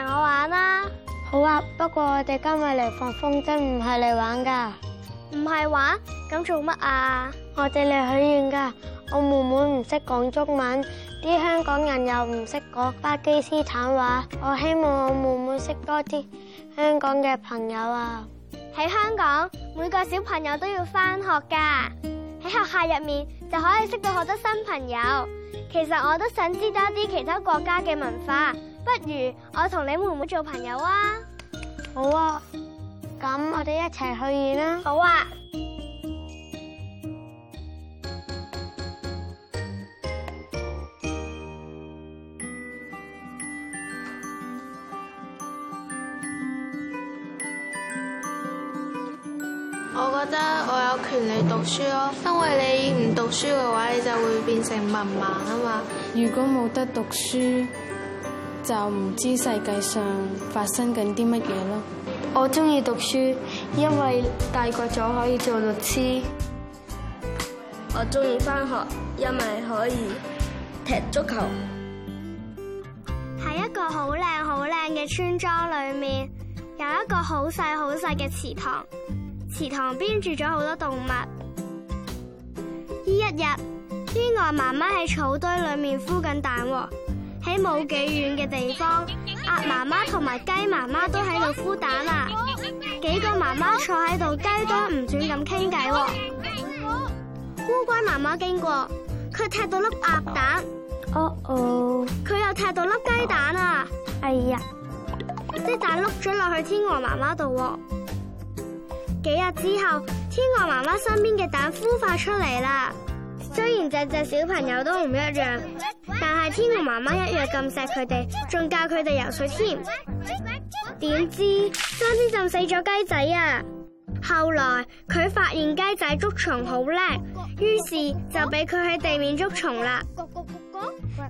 陪我玩啦！好啊，不過我哋今日嚟放風箏，唔係嚟玩噶，唔係玩，咁做乜啊？我哋嚟許願噶。我妹妹唔識講中文，啲香港人又唔識講巴基斯坦話，我希望我妹妹識多啲香港嘅朋友啊。喺香港，每個小朋友都要返學噶，喺學校入面就可以識到好多新朋友。其實我都想知多啲其他國家嘅文化。不如我同你妹妹做朋友啊！好啊，咁我哋一齊去演啦！好啊！我覺得我有權利讀書咯，因為你唔讀書嘅話，你就會變成文盲啊嘛。如果冇得讀書。就唔知世界上發生緊啲乜嘢咯。我中意讀書，因為大個咗可以做律師。我中意返學，因為可以踢足球。喺一個好靚好靚嘅村莊裏面，有一個好細好細嘅池塘，池塘邊住咗好多動物。呢一日，天鵝媽媽喺草堆裏面孵緊蛋。喺冇幾遠嘅地方，鴨媽媽同埋雞媽媽都喺度孵蛋啦、啊。幾個媽媽坐喺度，雞啄唔斷咁傾偈。烏龜媽媽經過，佢踢到粒鴨蛋。哦哦，佢又踢到粒雞蛋啊！哎呀，啲蛋碌咗落去天鵝媽媽度、啊。幾日之後，天鵝媽媽身邊嘅蛋孵化出嚟啦。雖然隻隻小朋友都唔一樣。天鵝媽媽一樣咁錫佢哋，仲教佢哋游水添。點知三天浸死咗雞仔啊！後來佢發現雞仔捉蟲好叻，於是就俾佢喺地面捉蟲啦。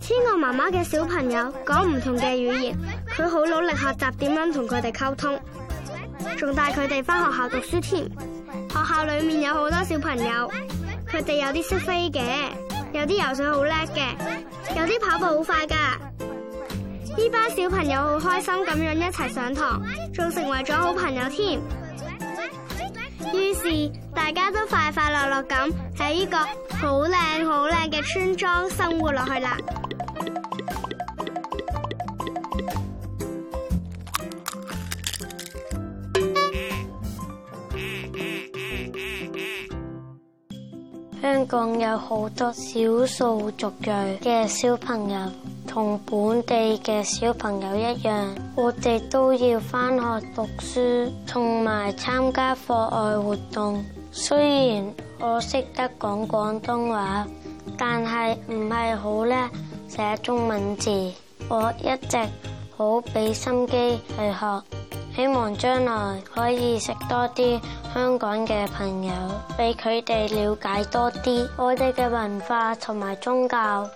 天鵝媽媽嘅小朋友講唔同嘅語言，佢好努力學習點樣同佢哋溝通，仲帶佢哋返學校讀書添。學校裏面有好多小朋友，佢哋有啲識飛嘅。有啲游水好叻嘅，有啲跑步好快㗎。呢班小朋友好開心咁樣一齊上堂，仲成為咗好朋友添。於是大家都快快樂樂咁喺呢個好靚好靚嘅村莊生活落去啦。香港有好多少數族裔嘅小朋友，同本地嘅小朋友一樣，我哋都要返學讀書，同埋參加課外活動。雖然我識得講廣東話，但係唔係好叻寫中文字，我一直好俾心機去學。希望將來可以識多啲香港嘅朋友，俾佢哋了解多啲我哋嘅文化同埋宗教。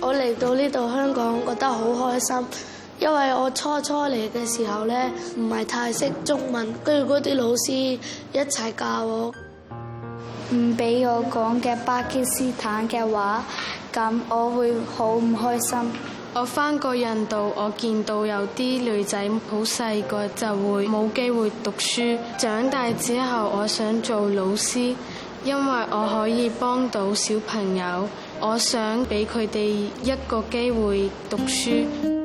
我嚟到呢度香港覺得好開心，因為我初初嚟嘅時候呢，唔係太識中文，跟住嗰啲老師一齊教我，唔俾我講嘅巴基斯坦嘅話，咁我會好唔開心。我翻過印度，我見到有啲女仔好細個就會冇機會讀書。長大之後，我想做老師，因為我可以幫到小朋友，我想俾佢哋一個機會讀書。